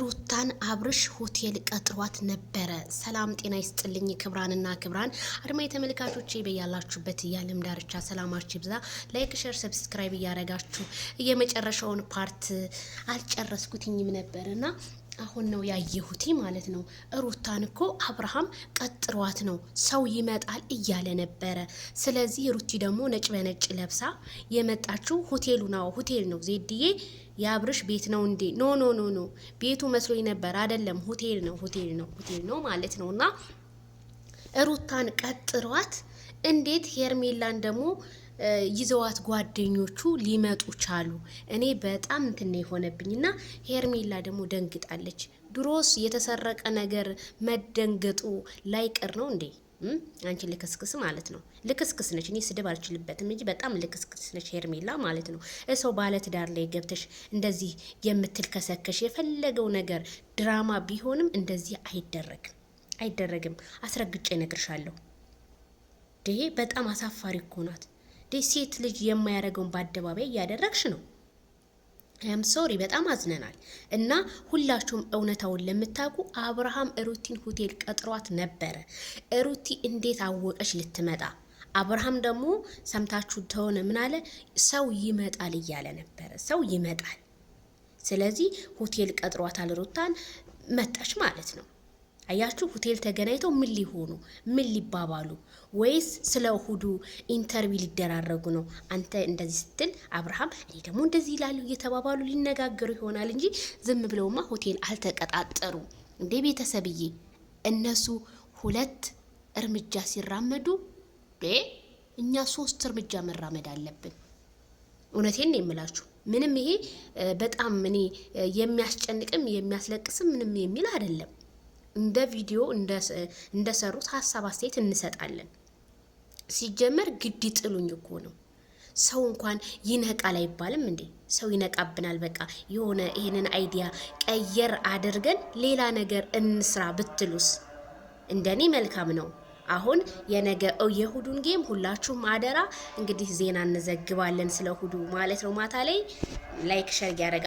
ሩታን አብርሽ ሆቴል ቀጥሯት ነበረ። ሰላም ጤና ይስጥልኝ ክብራንና ክብራን አድማ የተመልካቾች በያላችሁበት የዓለም ዳርቻ ሰላማችሁ ይብዛ። ላይክ፣ ሸር፣ ሰብስክራይብ እያረጋችሁ የመጨረሻውን ፓርት አልጨረስኩትኝም ነበር እና አሁን ነው ያየሁት ማለት ነው። ሩታን እኮ አብርሃም ቀጥሯት ነው ሰው ይመጣል እያለ ነበረ። ስለዚህ ሩቲ ደግሞ ነጭ በነጭ ለብሳ የመጣችው ሆቴሉ ነው ሆቴል ነው ዜድዬ የአብርሽ ቤት ነው እንዴ? ኖ ኖ ኖ ኖ ቤቱ መስሎኝ ነበር። አይደለም ሆቴል ነው ሆቴል ነው ሆቴል ነው ማለት ነው። እና ሩታን ቀጥሯት እንዴት ሄርሜላን ደግሞ ይዘዋት ጓደኞቹ ሊመጡ ቻሉ። እኔ በጣም የሆነብኝ የሆነብኝና ሄርሜላ ደግሞ ደንግጣለች። ድሮስ የተሰረቀ ነገር መደንገጡ ላይቀር ነው እንዴ? አንቺ ልክስክስ ማለት ነው። ልክስክስ ነች። እኔ ስድብ አልችልበትም እንጂ በጣም ልክስክስ ነች ሄርሜላ ማለት ነው። እሰው ባለትዳር ላይ ገብተሽ እንደዚህ የምትል ከሰከሽ የፈለገው ነገር ድራማ ቢሆንም እንደዚህ አይደረግም፣ አይደረግም። አስረግጬ እነግርሻለሁ። ይሄ በጣም አሳፋሪ እኮ ናት። ሴት ልጅ የማያደርገውን በአደባባይ እያደረግሽ ነው። አም ሶሪ በጣም አዝነናል። እና ሁላችሁም እውነታውን ለምታውቁ አብርሃም ሩቲን ሆቴል ቀጥሯት ነበረ። ሩቲ እንዴት አወቀች ልትመጣ? አብርሃም ደግሞ ሰምታችሁ ተሆነ ምን አለ? ሰው ይመጣል እያለ ነበረ። ሰው ይመጣል። ስለዚህ ሆቴል ቀጥሯታል ሩታን መጣች ማለት ነው። አያችሁ ሆቴል ተገናኝተው ምን ሊሆኑ ምን ሊባባሉ ወይስ ስለ እሁዱ ኢንተርቪው ሊደራረጉ ነው? አንተ እንደዚህ ስትል አብርሃም እኔ ደግሞ እንደዚህ ይላሉ እየተባባሉ ሊነጋገሩ ይሆናል እንጂ ዝም ብለውማ ሆቴል አልተቀጣጠሩ እንዴ ቤተሰብዬ። እነሱ ሁለት እርምጃ ሲራመዱ እኛ ሶስት እርምጃ መራመድ አለብን። እውነቴን ነው የምላችሁ። ምንም ይሄ በጣም እኔ የሚያስጨንቅም የሚያስለቅስም ምንም የሚል አይደለም። እንደ ቪዲዮ እንደሰሩት ሀሳብ አስተያየት እንሰጣለን። ሲጀመር ግድ ጥሉኝ እኮ ነው። ሰው እንኳን ይነቃል አይባልም እንዴ? ሰው ይነቃብናል። በቃ የሆነ ይህንን አይዲያ ቀየር አድርገን ሌላ ነገር እንስራ ብትሉስ እንደኔ መልካም ነው። አሁን የነገ የእሁዱን ጌም ሁላችሁም አደራ እንግዲህ ዜና እንዘግባለን ስለ እሁዱ ማለት ነው። ማታ ላይ ላይክ ሸር ያደርጋል።